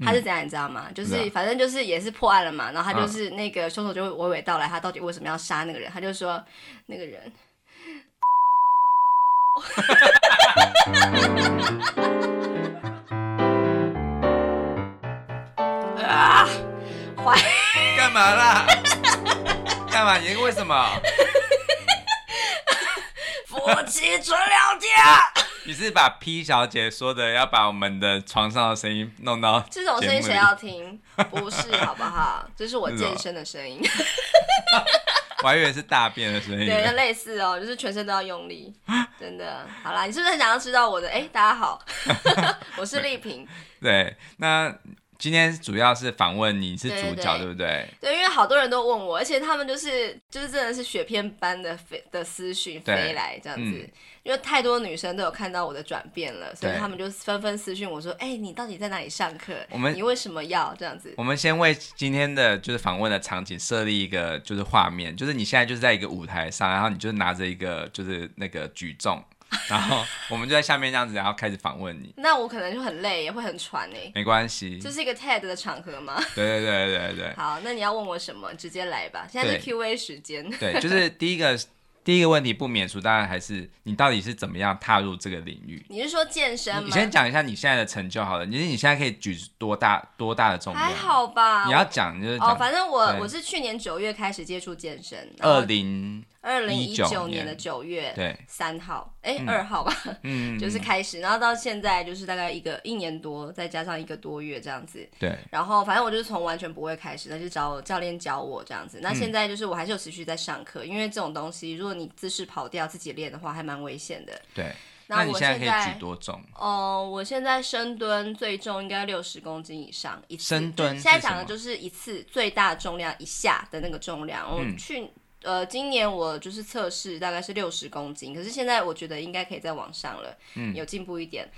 嗯、他是怎樣，你知道嗎？是吧就是反正就是也是破案了嘛，然後他就是那個凶手就會娓娓道來，他到底為什麼要殺那個人，他就說那個人，啊，壞， 幹嘛啦？幹嘛？你為什麼？ 夫妻純聊天。 只是把 P 小姐說的要把我們的床上的聲音弄到節目裡。這種聲音誰要聽？不是， 好不好？這是我健身的聲音。我還以為是大便的聲音。對，那類似哦，就是全身都要用力， 真的。好啦，你是不是很想要知道我的？哎、欸，大家好， 我是立萍 。對，那今天主要是訪問，你是主角，對,對,對,對不對？對，因為好多人都問我，而且他們就是就是真的是雪片般的飛的私訊對飛來這樣子。嗯因為太多女生都有看到我的轉變了，所以他們就紛紛私訊我說：“哎、欸，你到底在哪裡上課？我們你為什麼要這樣子？”我們先為今天的就是訪問的場景設立一個就是畫面，就是你現在就是在一個舞台上，然後你就拿着一個就是那個舉重，然後我們就在下面這樣子，然後開始訪問你。 那我可能就很累，也會很喘哎。沒關係，這是一個 TED 的場合嗎？對對對對對對。好，那你要問我什麼？直接來吧，現在是 Q&A 時間。對， 對，就是第一個。第一個問題不免俗，當然還是你到底是怎麼樣踏入這個領域？你是說健身嗎？你先講一下你現在的成就好了，你你現在可以舉多大多大的重量？還好吧？你要講就是哦，反正我對我是去年九月開始接觸健身，二零。二零一九年的九月三號，哎，二號吧，嗯、就是開始，然後到現在就是大概一個一年多，再加上一個多月這樣子。對，然後反正我就是從完全不會開始，那就找教練教我這樣子。那現在就是我還是有持續在上課，嗯、因為這種東西，如果你姿勢跑掉自己練的話，還蠻危險的。對，我那你現在可以舉多重？哦、呃，我現在深蹲最重應該六十公斤以上。一次，深蹲現在講的就是一次最大重量一下的那個重量，嗯、我去。呃，今年我就是測試大概是六十公斤，可是現在我覺得應該可以再往上了，嗯、有進步一點。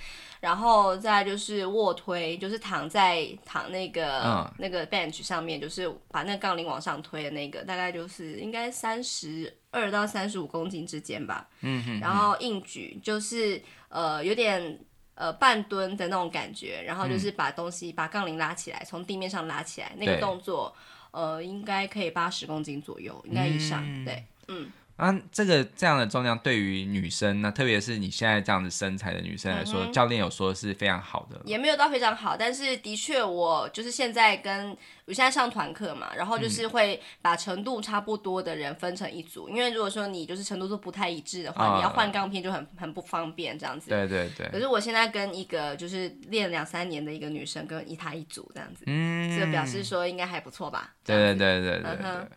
然後再就是臥推，就是躺在躺那個、哦、那個 bench 上面，就是把那槓鈴往上推的那個，大概就是應該三十二到三十五公斤之間吧，嗯、哼哼。然後硬舉就是呃有點。呃，半蹲的那種感覺，然後就是把東西、嗯、把槓鈴拉起來，從地面上拉起來，那個動作，對呃，應該可以八十公斤左右，應該以上，嗯、對，嗯。啊，這個這樣的重量對於女生，啊，那特別是你現在這樣的身材的女生來說，嗯、哼教練有說是非常好的，也沒有到非常好，但是的確我就是現在跟我現在上團課嘛，然後就是會把程度差不多的人分成一組，嗯、因為如果說你就是程度都不太一致的話，哦、你要換槓片就很很不方便這樣子。對對對。可是我現在跟一個就是練兩三年的一個女生跟一她一組這樣子，嗯，就表示說應該還不錯吧。對對對對對。嗯哼。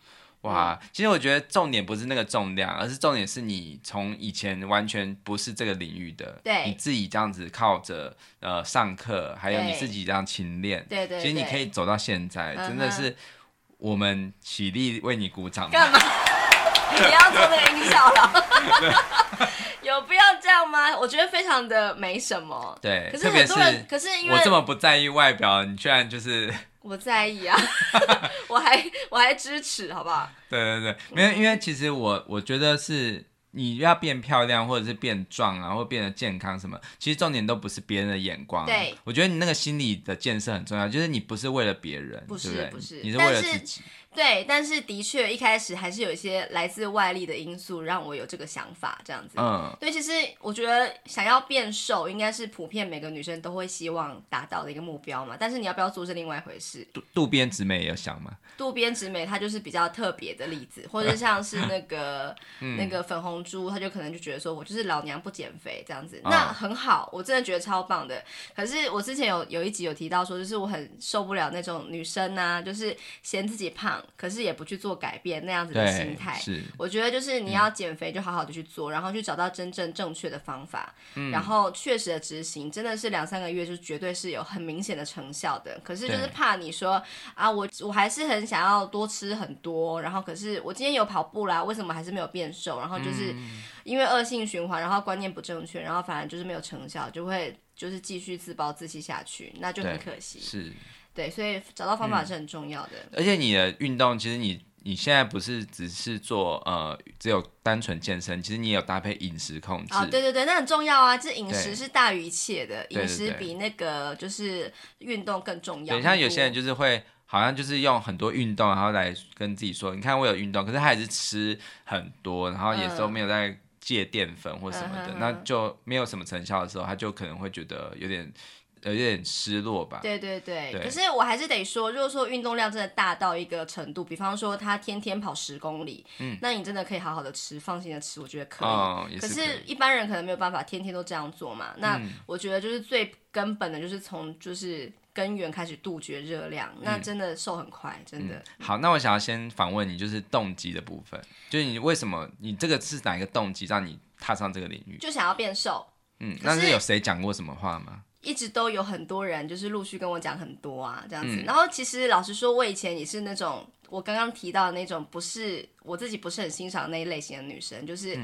哇，其實我覺得重點不是那個重量，而是重點是你從以前完全不是這個領域的，對，你自己這樣子靠着呃上課，還有你自己這樣勤練，對對，其實你可以走到現在，真的是我們起立為你鼓掌。幹嘛？ 你不要做那個音效了。 有必要這樣嗎？我覺得非常的沒什麼。對，是特別是很多人，可是因為我這麼不在意外表，你居然就是。我在意啊， 我還我還支持，好不好？對對對，因為因為其實我我覺得是。你要變漂亮，或者是變壯啊，或變得健康什麼，其實重點都不是別人的眼光啊。對，我覺得你那個心理的建設很重要，就是你不是為了別人，不是不是，你是為了自己。對，但是的確一開始還是有一些來自外力的因素讓我有這個想法，這樣子。嗯，對，其實我覺得想要變瘦應該是普遍每個女生都會希望達到的一個目標嘛，但是你要不要做是另外一回事。渡渡邊直美也有想嗎？渡邊直美她就是比較特別的例子，或者像是那個、 嗯、那個粉紅。豬，他就可能就覺得說，我就是老娘不減肥這樣子，那很好，oh. 我真的覺得超棒的。可是我之前有有一集有提到說，就是我很受不了那種女生呢、啊，就是嫌自己胖，可是也不去做改變那樣子的心態。是，我覺得就是你要減肥，就好好的去做，對然後去找到真正正確的方法，嗯、然後確實的執行，真的是兩三個月就絕對是有很明顯的成效的。可是就是怕你說對啊，我我還是很想要多吃很多，然後可是我今天有跑步啦、啊，為什麼還是沒有變瘦？然後就是。嗯因為惡性循環，然後觀念不正確，然後反而就是沒有成效，就會就是繼續自暴自棄下去，那就很可惜。是，對，所以找到方法是很重要的。嗯、而且你的運動，其實你你現在不是只是做呃，只有單純健身，其實你也有搭配飲食控制。啊、哦，對對對，那很重要啊，這、就是、飲食是大於一切的，對對對，飲食比那個就是運動更重要。像有些人就是會。好像就是用很多運動，然後來跟自己說，你看我有運動，可是他還是吃很多，然後也是都沒有在戒澱粉或什麼的，嗯嗯嗯、那就沒有什麼成效的時候，他就可能會覺得有點，有點失落吧。對對對。對可是我還是得說，如果說運動量真的大到一個程度，比方說他天天跑十公里，嗯，那你真的可以好好的吃，放心的吃，我覺得可以。哦、也是可以可是，一般人可能沒有辦法天天都這樣做嘛。那我覺得就是最根本的，就是從就是。根源開始杜絕熱量，那真的瘦很快，嗯、真的、嗯。好，那我想要先訪問你，就是動機的部分，就是你為什麼，你這個是哪一個動機讓你踏上這個領域？就想要變瘦。嗯，是那是有誰講過什麼話嗎？一直都有很多人，就是陸續跟我講很多啊，這樣子。然後其實老實說，我以前也是那種我剛剛提到的那種，不是我自己不是很欣賞那一類型的女生，就是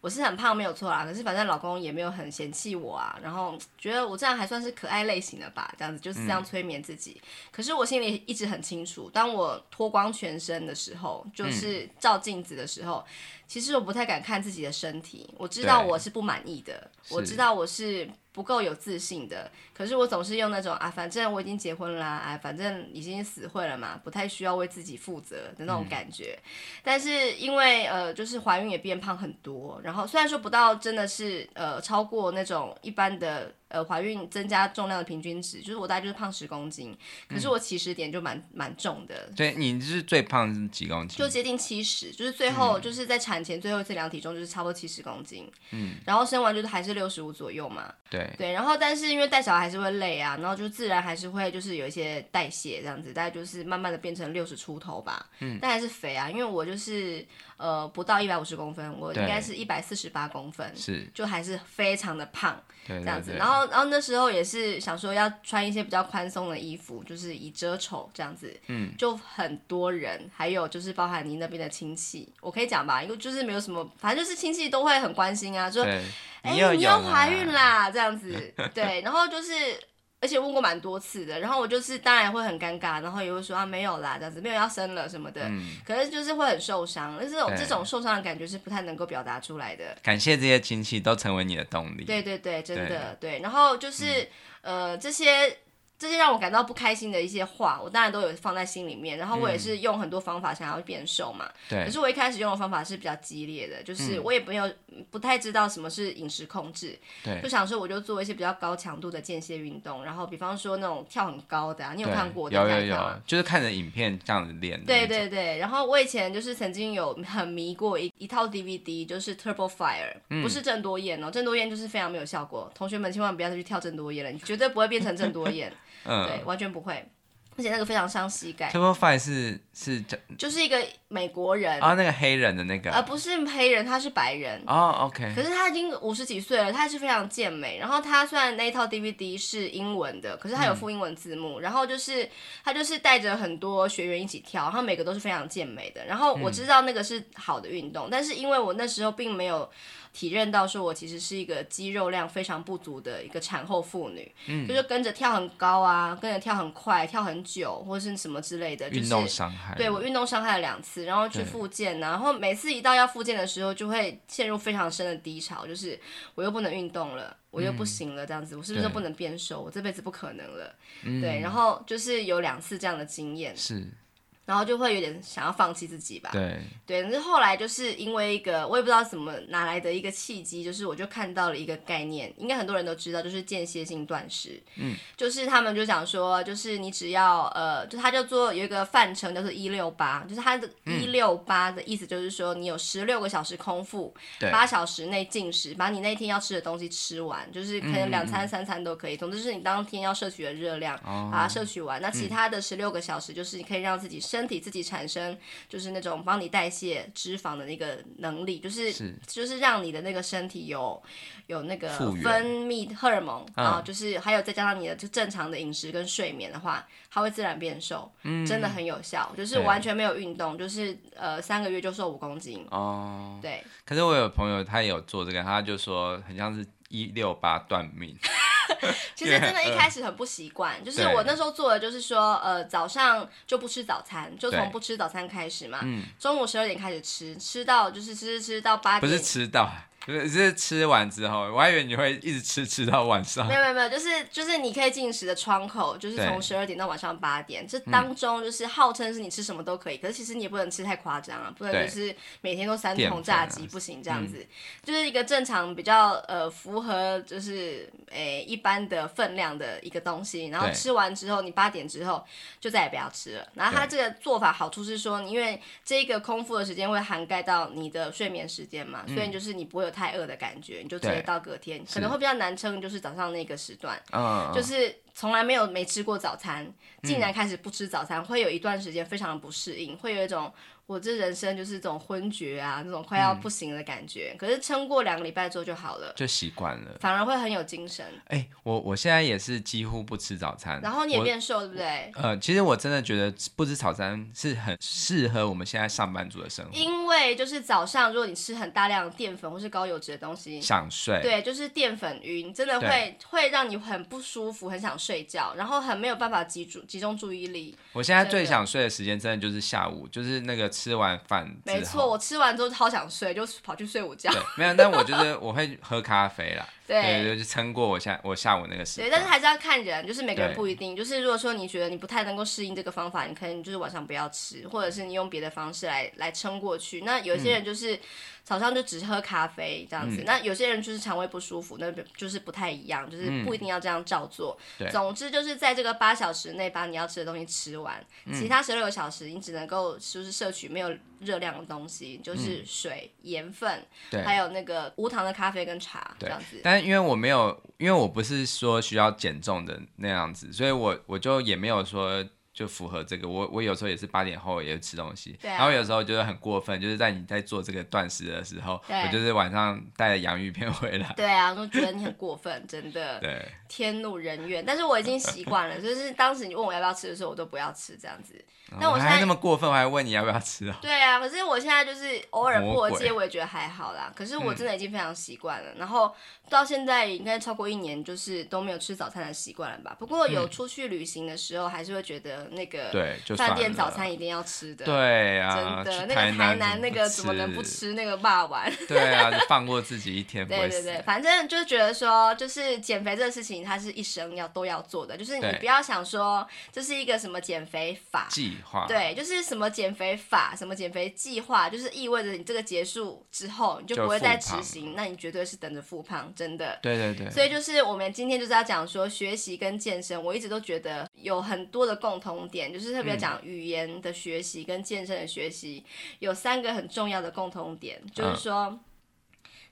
我是很胖沒有錯啦。可是反正老公也沒有很嫌棄我啊，然後覺得我這樣還算是可愛類型的吧，這樣子就是這樣催眠自己。可是我心裡一直很清楚，當我脫光全身的時候，就是照鏡子的時候，其實我不太敢看自己的身體，我知道我是不滿意的，我知道我是。不夠有自信的，可是我總是用那種啊，反正我已經結婚啦，啊，反正已經死會了嘛，不太需要為自己負責的那種感覺。嗯。但是因為呃，就是懷孕也變胖很多，然後雖然說不到真的是呃超過那種一般的。呃，懷孕增加重量的平均值，就是我大概就是胖十公斤，可是我起始點就蠻蠻、嗯、重的。對，你是最胖幾公斤？就接近七十，就是最後、嗯、就是在產前最後一次量體重就是差不多七十公斤。嗯，然後生完就是還是六十五左右嘛。對、嗯、對，然後但是因為帶小孩還是會累啊，然後就自然還是會就是有一些代謝這樣子，大概就是慢慢的變成六十出頭吧。嗯，但還是肥啊，因為我就是。呃，不到一百五十公分，我應該是一百四十八公分，是對就還是非常的胖，對對對，這樣子。然後，然後那時候也是想說要穿一些比較寬鬆的衣服，就是以遮醜這樣子。嗯，就很多人，還有就是包含您那邊的親戚，我可以講吧，因為就是沒有什麼，反正就是親戚都會很關心啊，就說，哎，你又懷孕啦， 這樣子，對，然後就是。而且問過蠻多次的，然後我就是當然會很尷尬，然後也會說啊，沒有啦，這樣子，沒有要生了什麼的，嗯、可是就是會很受傷，但是對這種受傷的感覺是不太能夠表達出來的。感謝這些親戚都成為你的動力，對對對，真的對，對。然後就是、嗯、呃這些。這些讓我感到不開心的一些話，我當然都有放在心裡面。然後我也是用很多方法想要變瘦嘛。嗯、對。可是我一開始用的方法是比較激烈的，就是我也不用、嗯、不太知道什麼是飲食控制。對。就想說我就做一些比較高強度的間歇運動，然後比方說那種跳很高的、啊，你有看過？有有有，就是看着影片這樣子練。對對對。然後我以前就是曾經有很迷過一一套 DVD，就是 Turbo Fire，嗯、不是鄭多燕哦，鄭多燕就是非常沒有效果。同學們千萬不要再去跳鄭多燕了，你絕對不會變成鄭多燕。 對，完全不會，而且那個非常傷膝蓋。TurboFire 是是就是一個美國人啊、哦，那個黑人的那個，而、呃、不是黑人，他是白人哦 o、okay、k 可是他已經五十幾歲了，他是非常健美，然後他雖然那一套 DVD 是英文的，可是他有附英文字幕，嗯、然後就是他就是帶着很多學員一起跳，然後每個都是非常健美的。然後我知道那個是好的運動，嗯、但是因為我那時候並沒有。體認到說我其實是一個肌肉量非常不足的一個產後婦女，嗯，就是跟着跳很高啊，跟着跳很快，跳很久，或者是什麼之類的，運動傷害、就是，對，我運動傷害了兩次，然後去復健、啊，對然後每次一到要復健的時候，就會陷入非常深的低潮，就是我又不能運動了，我又不行了，這樣子，嗯、我是不是就不能變瘦？對我這輩子不可能了，嗯、對，然後就是有兩次這樣的經驗，是。然後就會有點想要放棄自己吧。對，對，但是後來就是因為一個我也不知道怎麼拿來的一個契機，就是我就看到了一個概念，應該很多人都知道，就是間歇性斷食。嗯。就是他們就想說，就是你只要呃，就他就做有一個泛稱，叫做一六八，就是他的一六八的意思就是說，你有十六個小時空腹，八、嗯、小時內進食，把你那天要吃的東西吃完，就是可能兩餐三餐都可以，嗯嗯、總之是你當天要攝取的熱量、哦、把它攝取完，嗯、那其他的十六個小時就是你可以讓自己，身體自己產生就是那種幫你代謝脂肪的那個能力，就是,是就是讓你的那個身體有有那個分泌原荷爾蒙啊，然後就是還有再加上你的就正常的飲食跟睡眠的話，嗯、它會自然變瘦，真的很有效，嗯、就是完全沒有運動，對就是呃三個月就瘦五公斤哦，對。可是我有朋友他也有做這個，他就說很像是一六八斷食。 其實真的，一開始很不習慣，呃、就是我那時候做的，就是說，對呃，早上就不吃早餐，就從不吃早餐開始嘛，對中午十二點開始吃，嗯、吃到就是吃吃吃到八點，不是吃到、啊。就是吃完之後，我還以為你會一直吃吃到晚上。沒有沒有沒有，就是就是你可以進食的窗口，就是從十二點到晚上八點，這對當中就是號稱是你吃什麼都可以，嗯、可是其實你也不能吃太誇張啊，不能就是每天都三桶炸雞對不行這樣子。就是一個正常比較呃符合就是誒、欸、一般的分量的一個東西，然後吃完之後你八點之後就再也不要吃了。然後它這個做法好處是說，因為這一個空腹的時間會涵蓋到你的睡眠時間嘛，嗯、所以就是你不會有太餓的感覺，你就直接到隔天，對可能會比較難撐。就是早上那個時段，是就是從來沒有沒吃過早餐，嗯、竟然開始不吃早餐，會有一段時間非常的不適應，會有一種。我這人生就是這種昏厥啊，那種快要不行的感覺。嗯、可是撐過兩個禮拜之後就好了，就習慣了，反而會很有精神。哎、欸，我我現在也是幾乎不吃早餐，然後你也變瘦，對不對？呃，其實我真的覺得不吃早餐是很適合我們現在上班族的生活，因為就是早上如果你吃很大量的澱粉或是高油脂的東西，想睡，對，就是澱粉暈，真的會對會讓你很不舒服，很想睡覺，然後很沒有辦法集集中注意力。我現在最想睡的時間真的就是下午，對就是那個。吃完飯，沒錯，我吃完之後超想睡，就跑去睡午覺。對，沒有，那我覺得我會喝咖啡啦。 對，對，對，對，就是撐過我下我下午那個時間。對，但是還是要看人，就是每個人不一定。對，就是如果說你覺得你不太能夠適應這個方法，你可能就是晚上不要吃，或者是你用別的方式來來撐過去。那有些人就是、嗯、早上就只喝咖啡這樣子，嗯、那有些人就是腸胃不舒服，那就是不太一樣，就是不一定要這樣照做。嗯、總之就是在這個八小時內把你要吃的東西吃完，嗯、其他十六個小時你只能夠就是攝取沒有。熱量的東西就是水、嗯、鹽分，對，還有那個無糖的咖啡跟茶這樣子。但因為我沒有，因為我不是說需要減重的那樣子，所以我我就也沒有說。就符合這個，我我有時候也是八點後也吃東西，對啊、然後有時候就是很過分，就是在你在做這個斷食的時候，對我就是晚上帶了洋芋片回來。對啊，我覺得你很過分， 真的，對天怒人怨。但是我已經習慣了， 就是當時你問我要不要吃的時候，我都不要吃這樣子。但我，現在我還那麼過分，我還問你要不要吃啊、哦？對啊，可是我現在就是偶爾破戒我也覺得還好啦。鬼可是我真的已經非常習慣了，嗯、然後到現在應該超過一年，就是都沒有吃早餐的習慣了吧？不過有出去旅行的時候，還是會覺得。那個飯店早餐一定要吃的，對，的對啊，真的那個台南那個怎麼能不吃那個霸丸？對啊， 就放過自己一天不會死。對對對，反正就是覺得說，就是減肥這個事情，它是一生要都要做的，就是你不要想說這是一個什麼減肥法計劃，對，對，就是什麼減肥法，什麼減肥計劃，就是意味着你這個結束之後，你就不會再執行，那你絕對是等着復胖，真的。對對對。所以就是我們今天就是要講說，學習跟健身，我一直都覺得有很多的共同。重點就是特別講語言的學習跟健身的學習，嗯、有三個很重要的共通點，嗯、就是說，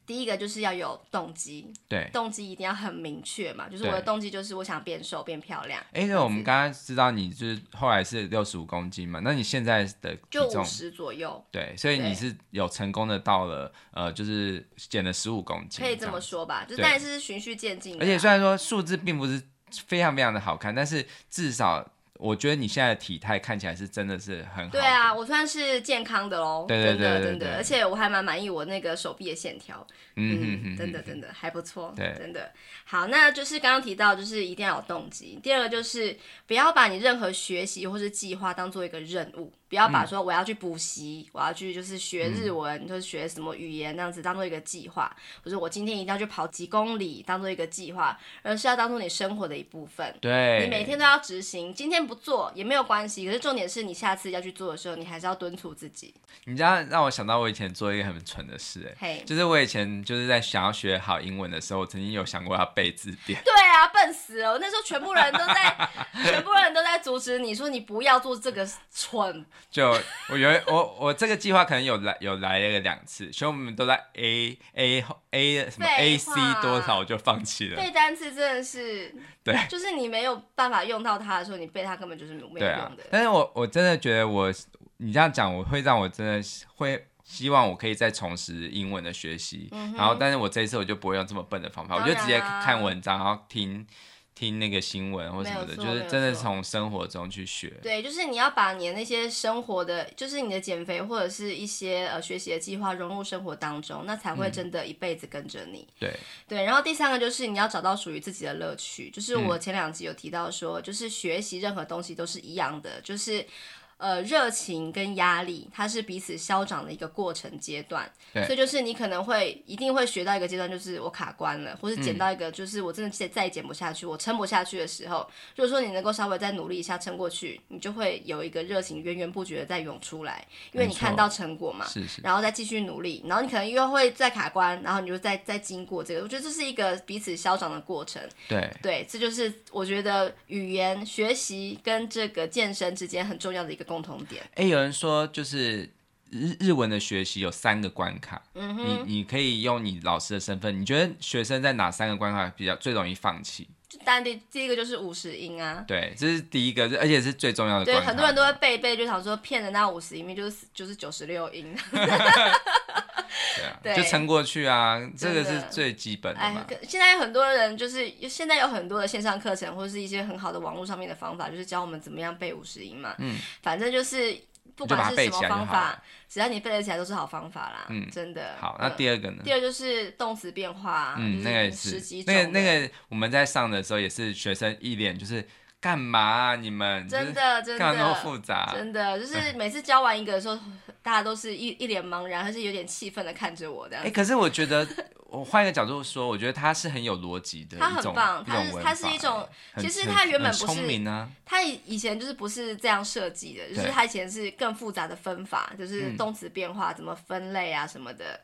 第一個就是要有動機，對，動機一定要很明確嘛，就是我的動機就是我想變瘦變漂亮。哎對，那是、欸、我們剛剛知道你就是後來是六十五公斤嘛，那你現在的就五十左右，對，所以你是有成功的到了對呃，就是減了十五公斤，可以這麼說吧，就但是循序漸進，啊，而且雖然說數字並不是非常非常的好看，但是至少。我覺得你現在的體態看起來是真的是很好。對啊，我算是健康的嘍。對對對對對，而且我還蠻滿意我那個手臂的線條。嗯，哼哼哼，嗯，真的真的還不錯。對，真的好。那就是剛剛提到，就是一定要有動機。第二個就是不要把你任何學習或是計劃當做一個任務。不要把說我要去補習，嗯、我要去就是學日文，嗯、就是學什麼語言這樣子當做一個計劃，不是我今天一定要去跑幾公里當做一個計劃，而是要當做你生活的一部分。對，你每天都要執行，今天不做也沒有關係。可是重點是你下次要去做的時候，你還是要敦促自己。你知道讓我想到我以前做一個很蠢的事哎、欸，hey, 就是我以前就是在想要學好英文的時候，我曾經有想過要背字典。對啊，笨死了！我那時候全部人都在， 全部人都在阻止你說你不要做這個蠢。 就我覺我我這個計劃可能有來有來了個兩次，所以我們都在 A A A 什麼話 A C 多少我就放棄了。背單詞真的是對，就是你沒有辦法用到它的時候，你背它根本就是沒有用的。啊、但是我，我我真的覺得我你這樣講，我會讓我真的會希望我可以再重拾英文的學習。嗯、哼然後，但是我這一次我就不會用這麼笨的方法，哦、呀呀我就直接看文章，然後聽。聽那個新聞或什麼的，就是真的從生活中去學。對，就是你要把你的那些生活的，就是你的減肥或者是一些呃學習的計劃融入生活當中，那才會真的一輩子跟着你。嗯、對對，然後第三個就是你要找到屬於自己的樂趣。就是我前兩集有提到說，嗯、就是學習任何東西都是一樣的，就是。呃，熱情跟壓力，它是彼此消長的一個過程階段，對所以就是你可能會一定會學到一個階段，就是我卡關了，或是減到一個，就是我真的再再減不下去，嗯、我撐不下去的時候，如果說你能夠稍微再努力一下撐過去，你就會有一個熱情源源不絕的在湧出來，因為你看到成果嘛，是是，然後再繼續努力，然後你可能又會再卡關，然後你就再再經過這個，我覺得這是一個彼此消長的過程，對對，這就是我覺得語言學習跟這個健身之間很重要的一個。共同點，哎、欸，有人說就是日日文的學習有三個關卡，嗯、哼你你可以用你老師的身份，你覺得學生在哪三個關卡比較最容易放棄？當然第第一個就是五十音啊，對，這是第一個，而且是最重要的。對，很多人都會背背，就想說騙的那五十音就是就是九十六音。 對啊，就撐過去啊，這個是最基本的嘛。誒，現在有很多人就是現在有很多的線上課程或者是一些很好的網絡上面的方法，就是教我們怎麼樣背五十音嘛。嗯，反正就是不管是什麼方法，只要你背得起來都是好方法啦。嗯，真的。好，那第二個呢？第二就是動詞變化。嗯，那個也是。那個那個我們在上的時候也是學生一臉就是幹嘛啊？你們真的真的？幹嘛那麼複雜？真的就是每次教完一個的時候。大家都是一一臉茫然，還是有點氣憤的看着我這樣子。哎、欸，可是我覺得。 我換一個角度說，我覺得它是很有邏輯的，它很棒，它是它是一種，其實它原本不是它以前，就是不是這樣設計的，就是它以前是更複雜的分法，就是動詞變化怎麼分類啊什麼的，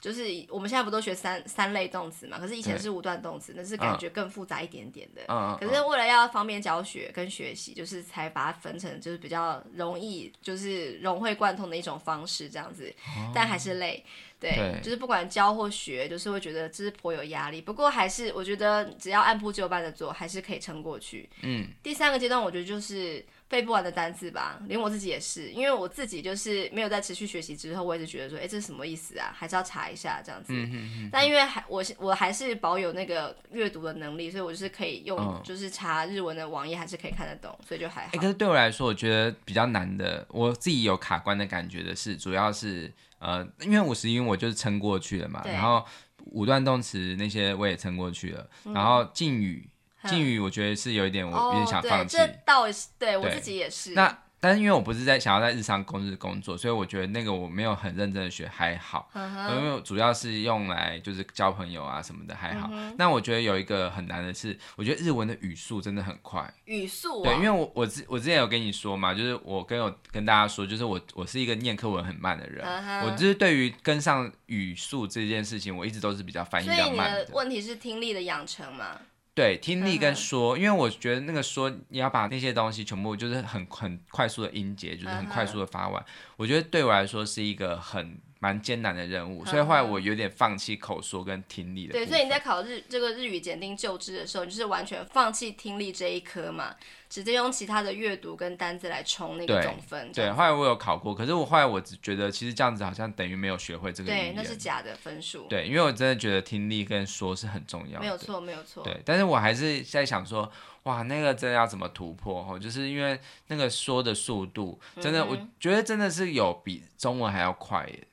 就是我們現在不都學三三類動詞嘛？可是以前是五段動詞，那是感覺更複雜一點點的，可是為了要方便教學跟學習，就是才把它分成就是比較容易就是融會貫通的一種方式這樣子，但還是累。對，對就是不管教或學，就是會覺得這是頗有壓力。不過還是我覺得，只要按部就班的做，還是可以撐過去。嗯，第三個階段，我覺得就是。背不完的單詞吧，連我自己也是，因為我自己就是沒有在持續學習之後，我一直覺得說，誒、欸，這是什麼意思啊？還是要查一下這樣子。嗯、哼哼但因為還我我還是保有那個閱讀的能力，所以我就是可以用，哦、就是查日文的網頁還是可以看得懂，所以就還好、欸。可是對我來說，我覺得比較難的，我自己有卡關的感覺的是，主要是呃，因為五十音我就是撐過去了嘛，對然後五段動詞那些我也撐過去了，嗯、然後敬語。敬語我覺得是有一點，我比較想放棄、哦。這倒是對，對我自己也是。那但是因為我不是在想要在日常工作工作，所以我覺得那個我沒有很認真的學還好，嗯、哼因為我主要是用來就是交朋友啊什麼的還好。嗯、哼那我覺得有一個很難的是，我覺得日文的語速真的很快。語速、啊、對，因為我我之我之前有跟你說嘛，就是我跟我跟大家說，就是我我是一個念課文很慢的人，嗯、哼我就是對於跟上語速這件事情，我一直都是比較反應比較慢的。所以你的問題是聽力的養成嗎？對，聽力跟說，嗯、哼因為我覺得那個說，你要把那些東西全部就是很很快速的音節，就是很快速的發完，嗯、哼我覺得對我來說是一個很蠻艱難的任務，所以後來我有點放棄口說跟聽力的、嗯嗯。對，所以你在考日這個日語檢定舊制的時候，就是完全放棄聽力這一科嘛，直接用其他的閱讀跟單字來衝那個總分。對，對，後來我有考過，可是我後來我只覺得其實這樣子好像等於沒有學會這個語言，對，那是假的分數。對，因為我真的覺得聽力跟說是很重要、嗯。沒有錯，沒有錯。對，但是我還是在想說，哇，那個真的要怎麼突破吼？就是因為那個說的速度真的，嗯、哼我覺得真的是有比中文還要快耶。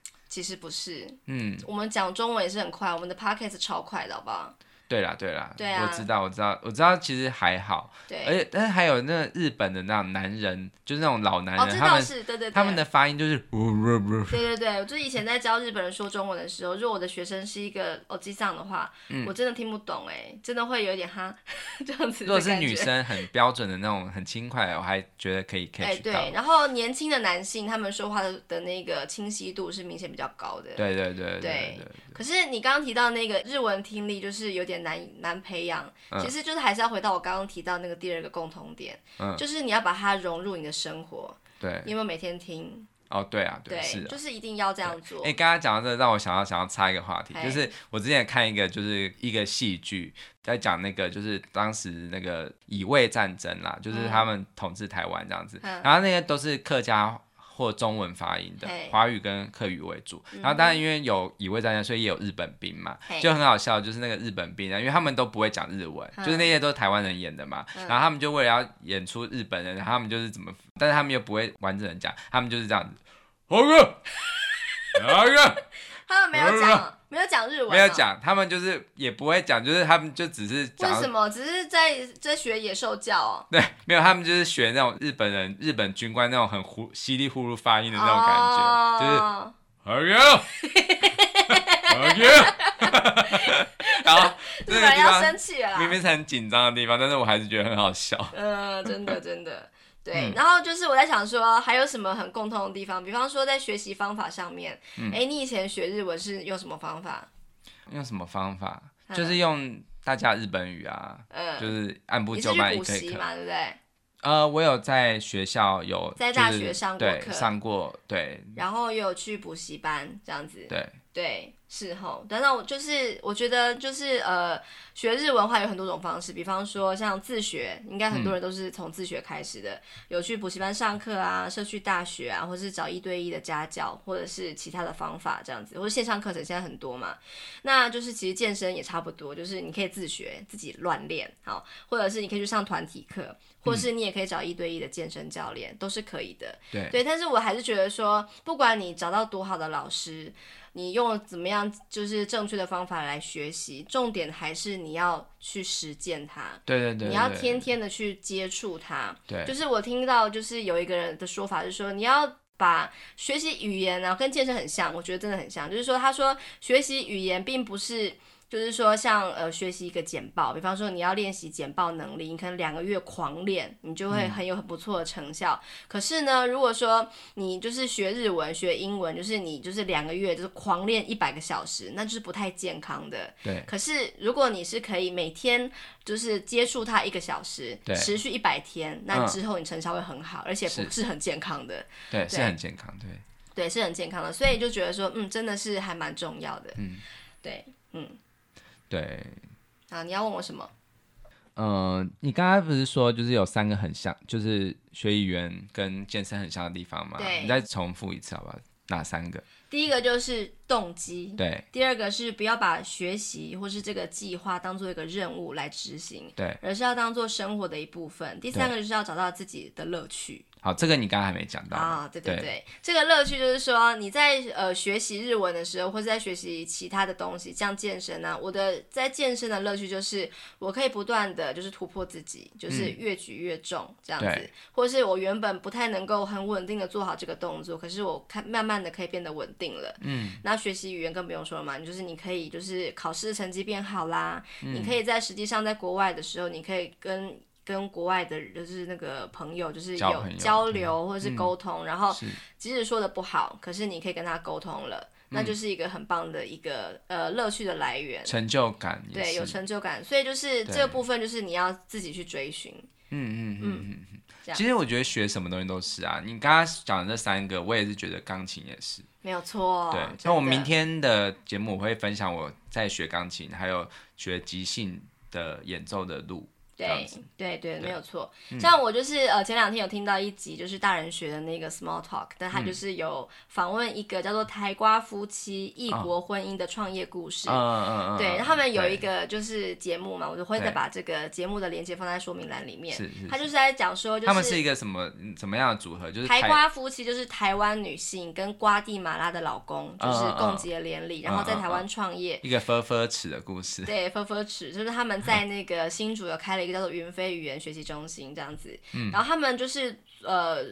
其實不是，嗯，我們講中文也是很快，我們的 podcast 超快的，好不好？對啦，對啦，我知道，我知道，我知道，其實還好。對，而且但是還有那日本的那種男人，就是那種老男人，他們他們的發音就是對對對，我就以前在教日本人說中文的時候，如果我的學生是一個おじさん的話，我真的聽不懂哎，真的會有點哈這樣子。如果是女生，很標準的那種，很輕快，我還覺得可以可以。哎，對。然後年輕的男性，他們說話的那個清晰度是明顯比較高的。對對對對。對，可是你剛剛提到那個日文聽力，就是有點。難難培養，嗯、其實就是還是要回到我剛剛提到的那個第二個共同點，嗯、就是你要把它融入你的生活。對，你有沒有每天聽？哦，對啊，對，對是啊、就是一定要這樣做。哎，剛剛講到這，讓我想要想要插一個話題，嘿就是我之前看一個就是一個戲劇，在講那個就是當時那個乙未戰爭啦，就是他們統治台灣這樣子，嗯嗯、然後那些都是客家。或中文發音的華語跟客語為主，嘿然後當然因為有乙未戰爭，所以也有日本兵嘛，嘿就很好笑，就是那個日本兵啊，因為他們都不會講日文，嗯、就是那些都是台灣人演的嘛，嗯、然後他們就為了要演出日本人，他們就是怎麼，但是他們又不會完整的講，他們就是這樣子，哦個，啊他們沒有講，沒有講日文，沒有講，他們就是也不會講，就是他們就只是為什麼只是在在學野獸叫。哦？對，沒有，他們就是學那種日本人、日本軍官那種很呼，稀里呼嚕發音的那種感覺，哦、就是，哈嘍，哈、這、嘍、個，然後突然要生氣了，明明是很緊張的地方，但是我還是覺得很好笑，嗯 呃，真的，真的。對，然後就是我在想說，還有什麼很共通的地方？比方說在學習方法上面，哎、嗯，欸、你以前學日文是用什麼方法？用什麼方法？就是用大家日本語啊，呵呵就是按部就班可可，補習嘛，對不對？呃，我有在學校有、就是、在大學上過課，上過對，然後有去補習班這樣子，對。對，事後，等等，我就是我覺得就是呃，學日文化有很多種方式，比方說像自學，應該很多人都是從自學開始的，嗯、有去補習班上課啊，社區大學啊，或者是找一對一的家教，或者是其他的方法這樣子，或者線上課程現在很多嘛，那就是其實健身也差不多，就是你可以自學自己亂練好，或者是你可以去上團體課，或者是你也可以找一對一的健身教練，嗯、都是可以的。對，對，但是我還是覺得說，不管你找到多好的老師。你用了怎麼樣就是正確的方法來學習？重點還是你要去實踐它。對對對，對，你要天天的去接觸它。對，對，就是我聽到就是有一個人的說法，就是說你要把學習語言呢、啊、跟健身很像，我覺得真的很像。就是說，他說學習語言並不是。就是說像，像呃，學習一個簡報，比方說你要練習簡報能力，你可能兩個月狂練，你就會很有很不錯的成效。嗯、可是呢，如果說你就是學日文學英文，就是你就是兩個月就是狂練一百個小時，那就是不太健康的。對。可是如果你是可以每天就是接觸它一個小時，對持續一百天，那之後你成效會很好，嗯、而且不是很健康的。對，對是很健康。對。對，是很健康的，所以就覺得說，嗯，真的是還蠻重要的。嗯，對，嗯。對啊，你要問我什麼？嗯、呃，你剛才不是說就是有三個很像，就是學語言跟健身很像的地方嗎？對，你再重複一次好不好？哪三個？第一個就是動機，對；第二個是不要把學習或是這個計劃當作一個任務來執行，對，而是要當作生活的一部分；第三個就是要找到自己的樂趣。好，這個你剛剛還沒講到啊、哦？對對對，對這個樂趣就是說，你在呃學習日文的時候，或者在學習其他的東西，像健身呢、啊。我的在健身的樂趣就是，我可以不斷的就是突破自己，就是越舉越重、嗯、這樣子。對或者是我原本不太能夠很穩定的做好這個動作，可是我看慢慢的可以變得穩定了。嗯。那學習語言更不用說了嘛，就是你可以就是考試成績變好啦，嗯、你可以在實際上在國外的時候，你可以跟。跟國外的，就是那個朋友，就是有交流或者是溝通，然後即使說的不好，可是你可以跟他溝通了，那就是一個很棒的一個呃樂趣的來源，成就感，對，有成就感，所以就是這個部分就是你要自己去追尋，嗯嗯嗯嗯。其實我覺得學什麼東西都是啊，你剛剛講的這三個，我也是覺得鋼琴也是，沒有錯。對，那我們明天的節目我會分享我在學鋼琴，還有學即興的演奏的路。對對對，沒有錯。像我就是呃，前兩天有聽到一集，就是大人學的那個 Small Talk，但他就是有訪問一個叫做台瓜夫妻異國婚姻的創業故事。嗯嗯對，他們有一個就是節目嘛，我就會再把這個節目的連接放在說明欄裡面。是他就是在講說，就他們是一個什麼怎麼樣的組合？就是台瓜夫妻，就是台灣女性跟瓜地馬拉的老公，就是共結連理，然後在台灣創業，一個 ㄈㄈ 尺的故事。對，ㄈㄈ 尺就是他們在那個新竹有開了。一個叫做雲飛語言學習中心這樣子，嗯、然後他們就是呃，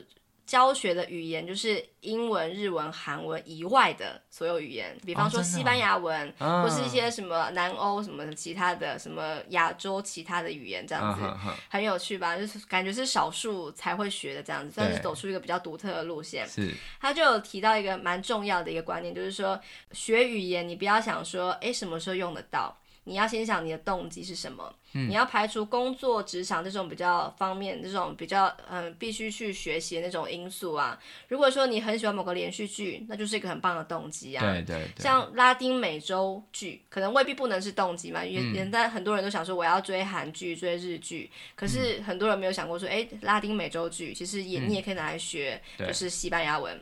教學的語言就是英文、日文、韓文以外的所有語言，比方說西班牙文，哦哦、或是一些什麼南歐什麼其他的，啊、什麼亞洲其他的語言這樣子，啊、很有趣吧？就是感覺是少數才會學的這樣子，算是走出一個比較獨特的路線。是，他就有提到一個蠻重要的一個觀念，就是說學語言，你不要想說，哎，什麼時候用得到？你要先想你的動機是什麼？嗯、你要排除工作、職場這種比較方面、這種比較嗯、呃、必須去學習的那種因素啊。如果說你很喜歡某個連續劇，那就是一個很棒的動機啊。對，對對。像拉丁美洲劇，可能未必不能是動機嘛。現在很多人都想說我要追韓劇、追日劇，可是很多人沒有想過說，哎、欸，拉丁美洲劇其實也、嗯、你也可以拿來學，就是西班牙文。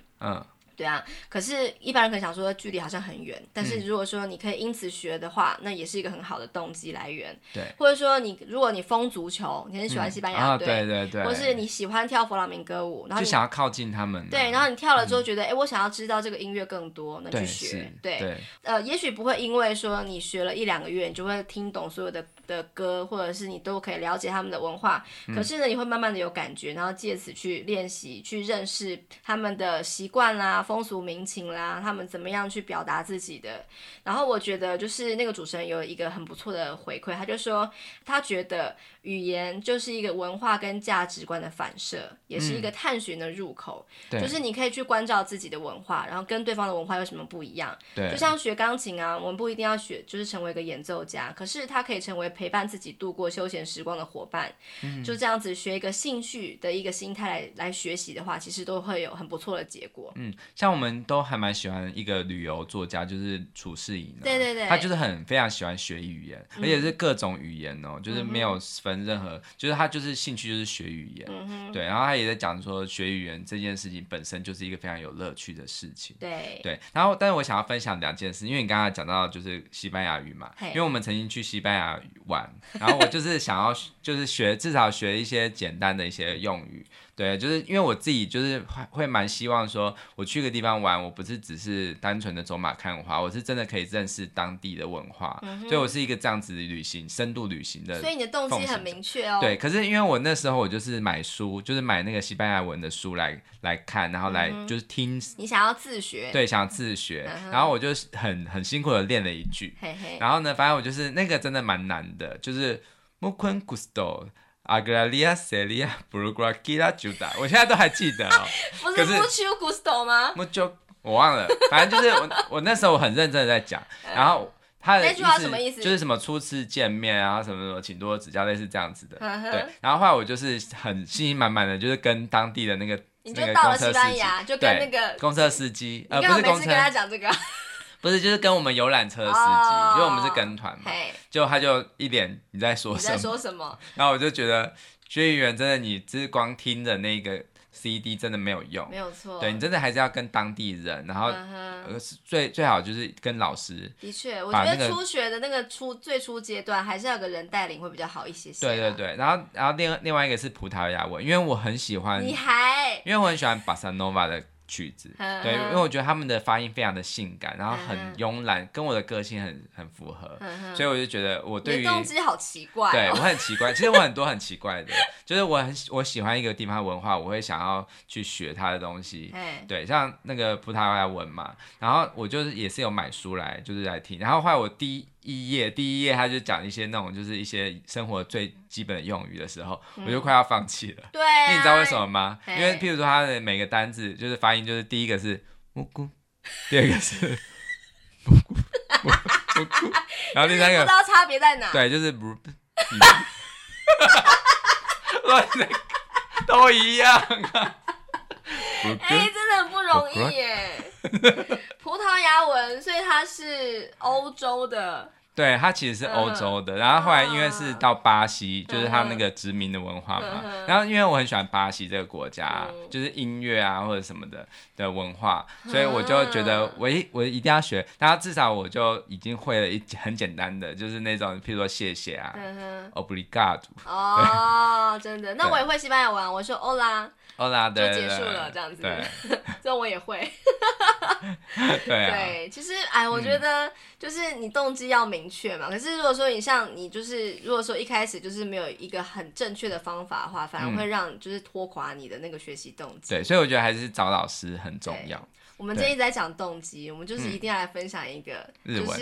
對啊，可是一般人可能想說距離好像很遠，但是如果說你可以因此學的話，嗯、那也是一個很好的動機來源。對，或者說你如果你瘋足球，你很喜歡西班牙、嗯對啊，對對對，或是你喜歡跳佛朗明哥舞，然後你就想要靠近他們、啊，對，然後你跳了之後覺得，哎、嗯欸，我想要知道這個音樂更多，那去學。對，對對、呃，也許不會因為說你學了一兩個月，你就會聽懂所有的。的歌，或者是你都可以了解他們的文化。嗯、可是呢，你會慢慢的有感覺，然後借此去練習，去認識他們的習慣啦、風俗民情啦，他們怎麼樣去表達自己的。然後我覺得，就是那個主持人有一個很不錯的回饋，他就說他覺得，語言就是一個文化跟價值觀的反射，也是一個探尋的入口。對、嗯，就是你可以去關照自己的文化，然後跟對方的文化有什麼不一樣。對，就像學鋼琴啊，我們不一定要學，就是成為一個演奏家，可是他可以成為陪伴自己度過休閒時光的夥伴。嗯，就這樣子學一個興趣的一個心態來來學習的話，其實都會有很不錯的結果。嗯，像我們都還蠻喜歡一個旅遊作家，就是褚士瑩。對對對，他就是很非常喜歡學語言，而且是各種語言哦，嗯、就是沒有分。任何就是他就是興趣就是學語言，嗯、哼對，然後他也在講說，學語言這件事情本身就是一個非常有樂趣的事情，對對。然後但是我想要分享兩件事，因為你剛剛講到就是西班牙語嘛，嘿因為我們曾經去西班牙玩，然後我就是想要就是學 至少學一些簡單的一些用語。對，就是因為我自己就是會會蠻希望說，我去個地方玩，我不是只是單純的走馬看花，我是真的可以認識當地的文化，嗯、哼所以我是一個這樣子的旅行，深度旅行的奉行者。所以你的動機很明確哦？對，可是因為我那時候我就是買書，就是買那個西班牙文的書來來看，然後來就是聽。嗯、你想要自學？對，想要自學。嗯、哼然後我就很很辛苦的練了一句，嘿嘿然後呢，反正我就是那個真的蠻難的，就是 mucho gusto 阿格拉利亞、塞利亞、布魯格拉、基拉、吉達，我現在都還記得哦、喔。 不是 Mucho gusto 嗎？Mucho，我忘了。反正就是我，我那時候我很認真的在講。 然後他的那句話什麼意思？就是什麼初次見面啊，什麼什麼，請多指教，類似這樣子的。 對。然後後來我就是很信心滿滿的就是跟當地的那個，你就到了西班牙，就跟那個公車司機，你剛、呃、不是公車每次跟他講這個、啊。不是，就是跟我們遊覽車的司機，oh, 因為我們是跟團嘛，就 Hey, 他就一臉，你在說什麼？你在說什麼？然後我就覺得學語言真的，你只是光聽着那個 C D 真的沒有用，沒有錯。對你真的還是要跟當地人，然後最、uh huh、最，最好就是跟老師、那個。的確，我覺得初學的那個初最初階段，還是要有個人帶領會比較好一些、啊。對對對，然後然後另另外一個是葡萄牙文，因為我很喜歡，你還？因為我很喜歡巴薩諾瓦的。曲子，呵呵，對，因為我覺得他們的發音非常的性感，然後很慵懶，呵呵跟我的個性很很符合，呵呵所以我就覺得我對於動機好奇怪、哦，對我很奇怪。 其實我很多很奇怪的，就是我很我喜歡一個地方文化，我會想要去學它的東西。嘿對，像那個葡萄牙文嘛，然後我就是也是有買書來，就是來聽，然後後來我第一。一頁，第一頁他就講一些那種就是一些生活最基本的用語的時候，嗯、我就快要放棄了。對、啊，因為你知道為什麼嗎？嘿因為譬如說，他的每個單字就是發音，就是第一個是蘑菇，嘿第二個是蘑菇，蘑菇嘿。然後第三個不知道差別在哪。對，就是不哈哈哈哈哈哈， 都一樣啊！真的很不容易耶。 葡萄牙文，所以它是歐洲的。對他其實是歐洲的，然後後來因為是到巴西，就是他那個殖民的文化嘛。然後因為我很喜歡巴西這個國家，就是音樂啊或者什麼的的文化，所以我就覺得我一我一定要學，但至少我就已經會了一很簡單的，就是那種譬如說謝謝啊 Obrigado 哦，真的？那我也會西班牙文，我說 Hola，Hola 的，就結束了這樣子。對，這我也會。對啊。對，其實哎，我覺得就是你動機要明。明確嘛，可是如果說你像你就是，如果說一開始就是沒有一個很正確的方法的話，反而會讓就是拖垮你的那個學習動機，嗯。對，所以我覺得還是找老師很重要。對我們今天一直在講動機，對我們就是一定要來分享一個，嗯、就是日文，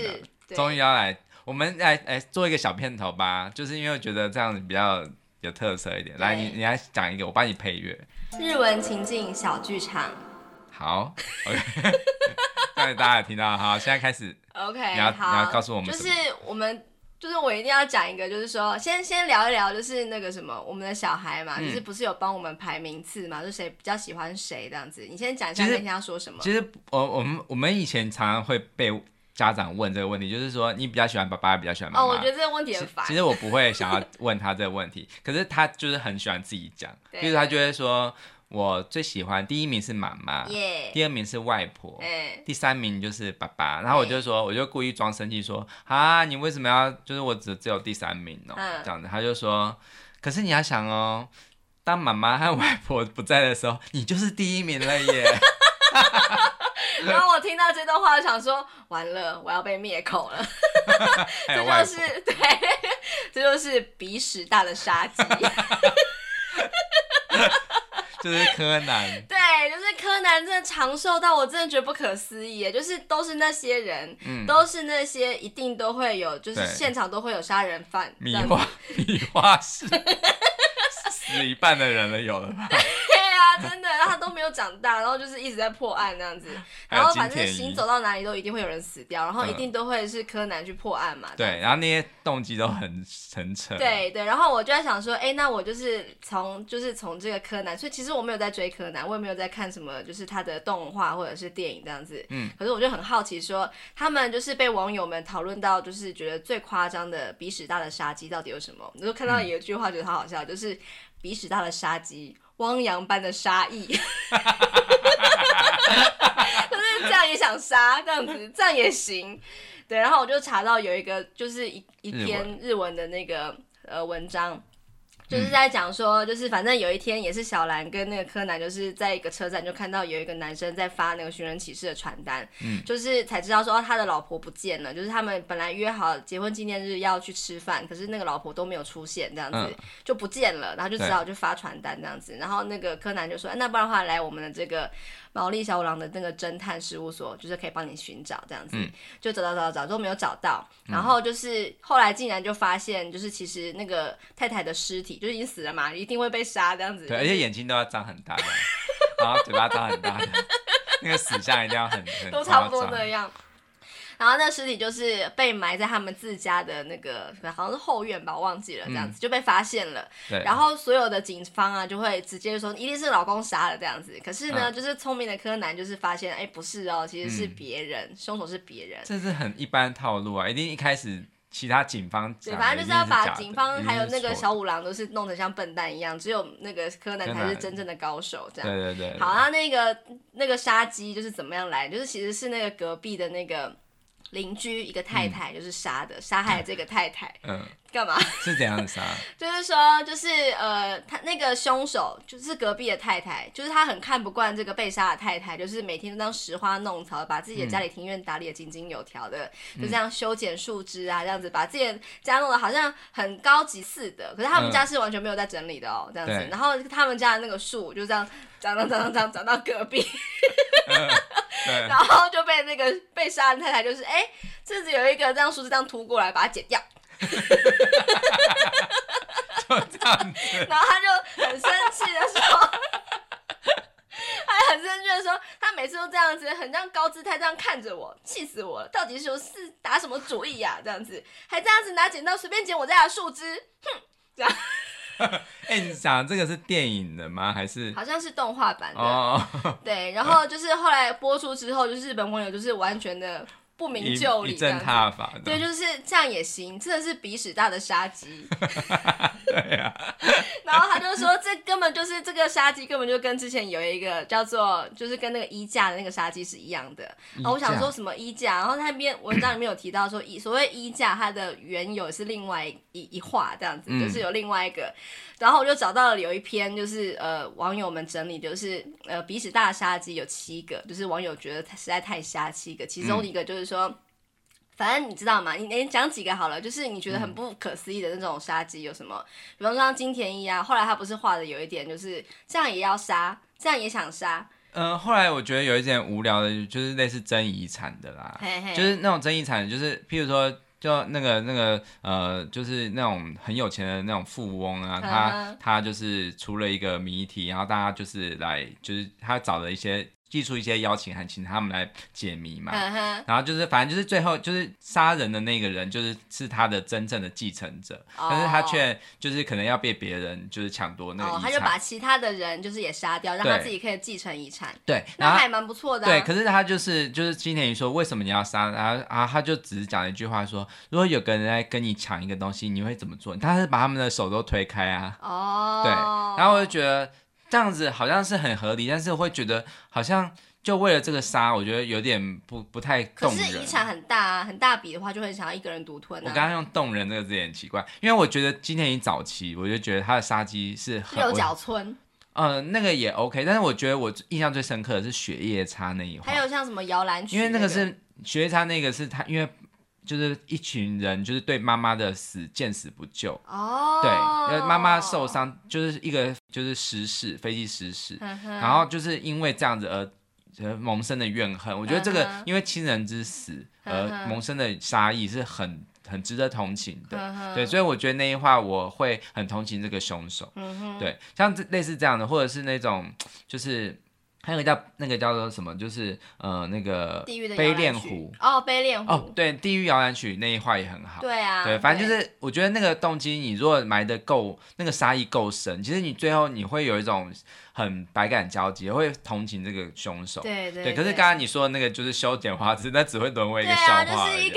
終於對要來，我們來，來做一個小片頭吧，嗯、就是因為我覺得這樣子比較有特色一點。對來，你你來講一個，我幫你配樂。日文情境小劇場。好，OK，這樣大家也聽到。好，現在開始。OK，你要告訴我們，就是我們就是我一定要講一個，就是說先先聊一聊，就是那個什麼，我們的小孩嘛，就是不是有幫我們排名次嘛，嗯、就誰比較喜歡誰這樣子。你先講一下，先聽他說什麼。其實，其實我我們我們以前常常會被家長問這個問題，就是說你比較喜歡爸爸，比較喜歡媽媽。哦，我覺得這個問題很煩。其實我不會想要問他這個問題， 可是他就是很喜歡自己講，對對對，就是他就會說。我最喜歡第一名是媽媽，Yeah. 第二名是外婆，欸、第三名就是爸爸。然後我就說，欸、我就故意裝生氣說：“啊，你為什麼要？就是我只只有第三名哦，啊、這樣子。”他就說：“可是你要想哦，當媽媽和外婆不在的時候，你就是第一名了耶。” 然後我聽到這段話，我想說：“完了，我要被滅口了。 哎” 這就是婆對，這就是鼻屎大的殺機。 就是柯南，對，就是柯南，真的長壽到我真的覺得不可思議。就是都是那些人，嗯、都是那些一定都會有，就是現場都會有殺人犯，對樣米花，米花市 死一半的人了，有了吧。啊，真的，然後他都沒有長大， 然後就是一直在破案這樣子，然後反正行走到哪裡都一定會有人死掉，然後一定都會是柯南去破案嘛。嗯、是對，然後那些動機都很很扯，對對，然後我就在想說，哎、欸，那我就是從就是從這個柯南，所以其實我沒有在追柯南，我也沒有在看什麼就是他的動畫或者是電影這樣子。嗯。可是我就很好奇說，說他們就是被網友們討論到，就是覺得最誇張的鼻屎大的殺機到底有什麼？我就看到有一個句話覺得好，好笑，嗯、就是鼻屎大的殺機。汪洋般的殺意， 他就是這樣也想殺，這樣子這樣也行，對。然後我就查到有一個，就是一一篇日文的那個呃文章。就是在講說，嗯、就是反正有一天也是小蘭跟那個柯南，就是在一個車站就看到有一個男生在發那個尋人啟事的傳單，嗯，就是才知道說、哦、他的老婆不見了，就是他們本來約好結婚紀念日要去吃飯，可是那個老婆都沒有出現，這樣子、嗯、就不見了，然後就只好就發傳單對這樣子，然後那個柯南就說，啊、那不然的話來我們的這個。毛利小五郎的那個偵探事務所，就是可以幫你尋找這樣子，嗯、就找到找找到找，都沒有找到。嗯、然後就是後來竟然就發現，就是其實那個太太的屍體就是已經死了嘛，一定會被殺這樣子。對，而且眼睛都要張很大， 然後嘴巴張很大， 那個死相一定要很很都差不多那樣。然後那個屍體就是被埋在他們自家的那個好像是後院吧，我忘記了，這樣子、嗯、就被發現了。對。然後所有的警方啊就會直接說，一定是老公殺了這樣子，可是呢、嗯、就是聰明的柯南就是發現哎、欸、不是哦，其實是別人，嗯、兇手是別人。這是很一般套路啊，一定一開始其他警方對，反正就是要把警方還有那個小五郎都是弄得像笨蛋一樣，一只有那個柯南才是真正的高手這樣。對，對對對。好，那那個那個殺機就是怎麼樣來，就是其實是那個隔壁的那個。鄰居一個太太就是殺的，殺、嗯、害這個太太，嗯，幹嘛？是怎樣殺？ 就是說，就是呃，他那個兇手就是隔壁的太太，就是他很看不慣這個被殺的太太，就是每天都當拾花弄草，把自己的家裡庭院打理得井井有條的，嗯、就這樣修剪樹枝啊，這樣子把自己的家弄得好像很高級似的。可是他們家是完全沒有在整理的哦，嗯、這樣子。然後他們家的那個樹就這樣。長長長長長到隔壁， 然後就被那個被殺人太太就是哎 對、欸，這次有一個這樣樹枝這樣突過來把它剪掉， 然後他就很生氣的說，他 很生氣的說，他每次都這樣子，很像高姿態這樣看着我，氣死我了，到底是有是打什麼主意呀、啊？這樣子還這樣子拿剪刀隨便剪我家樹枝，哼。這樣哎、 欸，你想這個是電影的嗎？還是好像是動畫版的？Oh, oh, oh. 對，然後就是後來播出之後， 就是日本網友就是完全的。不明就裡，法。對，就是這樣也行，真的是鼻屎大的殺機 對呀、啊， 然後他就說，這根本就是這個殺機根本就跟之前有一個叫做，就是跟那個衣架的那個殺機是一樣的。然後我想說什麼衣架，然後那邊文章裡面有提到說，衣所謂衣架它的原由，是另外一一話這樣子，就是有另外一個。然後我就找到了有一篇，就是呃網友們整理，就是呃鼻屎大殺機有七個，就是網友覺得他實在太瞎七個。其中一個就是說，嗯、反正你知道嗎？你你講、欸、幾個好了，就是你覺得很不可思議的那種殺機有什麼？嗯、比方說像金田一啊，後來他不是畫的有一點就是這樣也要殺，這樣也想殺。嗯、呃，後來我覺得有一點無聊的，就是類似爭遺產的啦，嘿嘿就是那種爭遺產，就是譬如說。就那個那個呃，就是那種很有錢的那種富翁啊，他他就是出了一個謎題，然後大家就是來，就是他找了一些。寄出一些邀請函，請他們來解謎嘛。嗯、哼然後就是，反正就是最後就是殺人的那個人，就是是他的真正的繼承者，可、哦、是他卻就是可能要被別人就是搶奪那個遺產、哦、他就把其他的人就是也殺掉，讓他自己可以繼承遺產。對，那還蠻不錯的、啊。對，可是他就是就是金田一說，為什麼你要殺、啊？然後啊，他就只是講了一句話說，如果有個人來跟你搶一個東西，你會怎麼做？他是把他們的手都推開啊。哦。對，然後我就覺得。這樣子好像是很合理，但是我會覺得好像就為了這個殺，我覺得有點不不太動人。可是遺產很大、啊、很大筆的話，就會想要一個人獨吞、啊、我剛剛用“動人”這個字很奇怪，因為我覺得今天一早期我就覺得他的殺機是六角村。嗯、呃，那個也 OK，但是我覺得我印象最深刻的是《雪夜叉》那一話，還有像什麼搖籃曲、那個，因為那個是《雪夜叉》，那個是他因為。就是一群人，就是對媽媽的死見死不救。哦，對，因為媽媽受傷，就是一個就是失事飛機失事，事呵呵然後就是因為這樣子而萌生的怨恨。呵呵我覺得這個因為親人之死而萌生的殺意是很很值得同情的。呵呵對，所以我覺得那一話我會很同情這個兇手。呵呵對，像類似這樣的，或者是那種就是。還有一個叫那個叫做什麼，就是呃那個《地獄的搖籃曲。哦，oh, 悲《悲戀湖》哦，對，《地獄搖籃曲》那一話也很好，對啊，對，反正就是對我覺得那個動機，你如果埋的夠，那個殺意夠深，其實你最後你會有一種很百感交集，會同情這個兇手，對對對，對，對。可是剛剛你說的那個就是修剪花枝，那只會淪為一個笑話而已。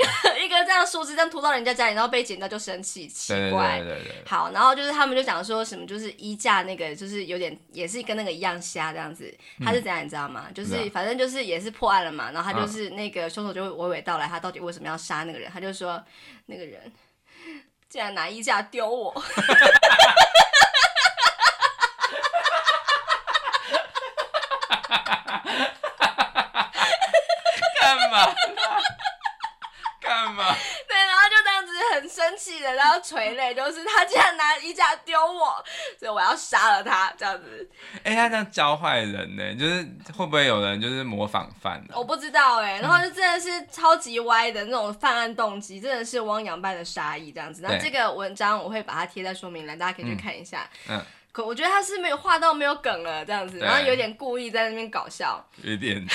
這樣樹枝這樣拖到人家家裡，然後被撿到就生氣，奇怪。好，然後就是他們就講說什麼，就是衣架那個，就是有點也是跟那個一樣瞎這樣子。嗯、他是怎樣你知道嗎？嗯、就是反正就是也是破案了嘛。然後他就是那個凶手就會娓娓道來，他到底為什麼要殺那個人。嗯、他就說那個人竟然拿衣架丟我，看哈哈哈！幹嘛？生氣的，然後垂淚，就是他竟然拿衣架丟我，所以我要殺了他這樣子。哎、欸，他這樣教壞人呢、欸，就是會不會有人就是模仿犯呢、啊？我不知道哎、欸。然後就真的是超級歪的那種犯案動機，嗯、真的是汪洋般的殺意這樣子。那這個文章我會把它貼在說明欄，大家可以去看一下。嗯，可、嗯、我覺得他是沒有畫到沒有梗了這樣子，對然後有點故意在那邊搞笑，有點，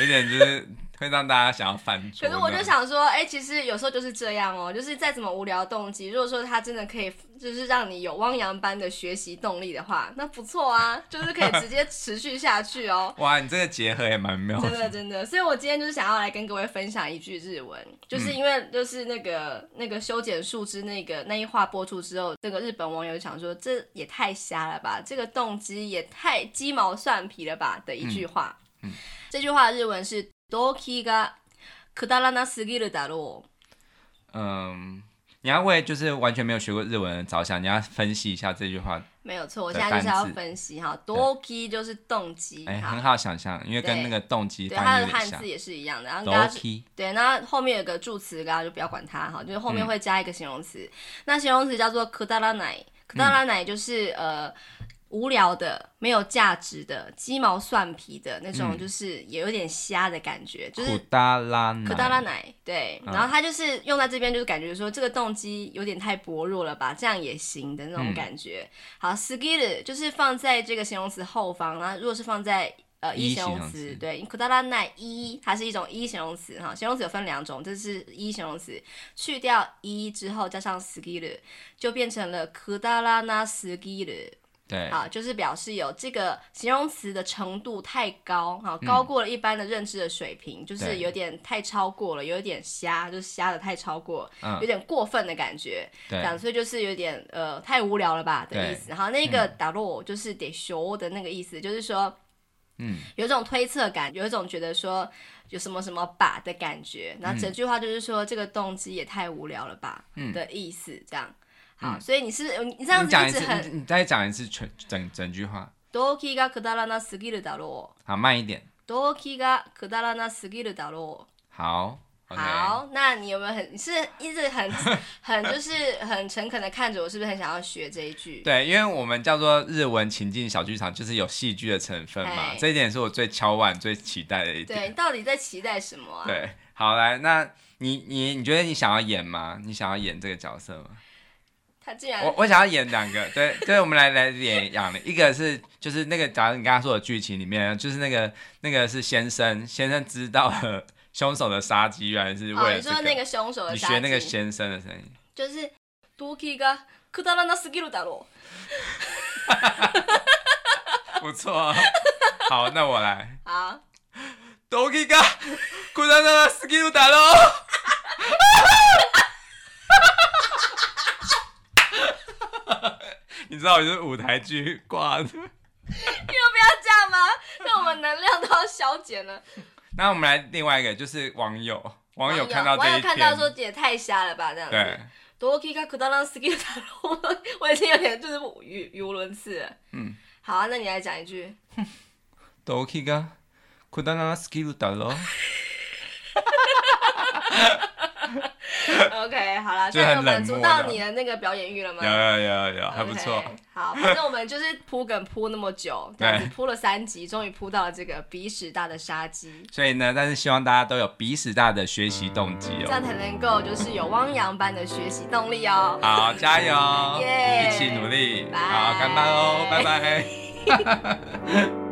有點就是。 會讓大家想要翻桌是不是？可是我就想說，哎、欸，其實有時候就是這樣哦、喔，就是再怎麼無聊的動機，如果說它真的可以，就是讓你有汪洋般的學習動力的話，那不錯啊，就是可以直接持續下去哦、喔。 哇，你這個結合也蠻妙的。真的真的，所以我今天就是想要來跟各位分享一句日文，就是因為就是那個、嗯、那個修剪樹枝那個那一話播出之後，那個日本網友想說，這也太瞎了吧，這個動機也太雞毛蒜皮了吧的一句話。嗯嗯、這句話的日文是。動機がくだらなすぎるだろう。嗯，你要為就是完全沒有學過日文着想，你要分析一下這句話。沒有錯，我現在就是要分析哈，動機對就是動機、欸。很好想象，因為跟那個動機它的漢字也是一樣的。然後，機對，那後，後面有個助詞，大家就不要管它哈，就是後面會加一個形容詞。嗯、那形容詞叫做くだらない，くだらない就是、嗯、呃。無聊的、沒有價值的、雞毛蒜皮的那種，就是也有點瞎的感覺，嗯、就是くだらない，くだらない，對。啊、然後它就是用在這邊，就是感覺說這個動機有點太薄弱了吧？這樣也行的那種感覺。嗯、好すぎる就是放在這個形容詞後方，那如果是放在呃いい形容詞，形容詞，對，くだらないい，它是一種い形容詞哈。形容詞有分兩種，就是い形容詞去掉い之後加上すぎる就變成了くだらなすぎる對，好，就是表示有這個形容詞的程度太高啊，高過了一般的認知的水平，嗯、就是有點太超過了，有點瞎，就是瞎的太超過，啊、有點過分的感覺，對，所以就是有點呃太無聊了吧的意思。對然後那個だろ、嗯、就是でしょう的那個意思，就是說，嗯，有一種推測感，有一種覺得說有什麼什麼吧的感覺。然後整句話就是說，嗯、這個動機也太無聊了吧，的意思、嗯、這樣。啊，嗯、所以你是，是你這樣子一直很，你，講次，你，你再講一次全整整句話。動機がくだらなすぎるだろう。好，慢一點。動機がくだらなすぎるだろう。好，okay、好，那你有沒有很，你是一直很很就是很誠懇的看着我，是不是很想要學這一句？ 對，因為我們叫做日文情境小劇場，就是有戲劇的成分嘛，Hey 這一點是我最敲碗最期待的一點。對，到底在期待什麼、啊？對，好來，那你你你覺得你想要演嗎？你想要演這個角色嗎？我我想要演兩個， 對對，我們來來演兩個， 一個是就是那個，假如你剛剛說的劇情裡面，就是那個那個是先生，先生知道了兇手的殺機，原來是為了、這個哦，你說那個兇手的殺機，你學那個先生的聲音，就是，動機がくだらなすぎるだろ， 不錯、哦，好，那我來啊，動機がくだらなすぎるだろ好，哈哈哈哈哈，哈哈哈哈哈，哈哈哈哈哈，哈哈哈哈哈，哈你知道，我就是舞台劇掛的。 你有必要這樣嗎？那我們能量都要消減了。 那我們來另外一個，就是網友，網友看到這一網友看到說也太瞎了吧，這樣子。對 我已經有點，就是語語無倫次了。嗯，好啊，那你來講一句。 OK，好了，所以有滿足到你的那個表演欲了嗎？有有有有還不錯。好，反正我們就是鋪梗鋪那麼久，對，鋪了三集，終於鋪到了這個鼻屎大的殺機。所以呢，但是希望大家都有鼻屎大的學習動機哦，這樣才能夠就是有汪洋般的學習動力哦。好，加油，一起努力，好，乾杯哦，拜拜。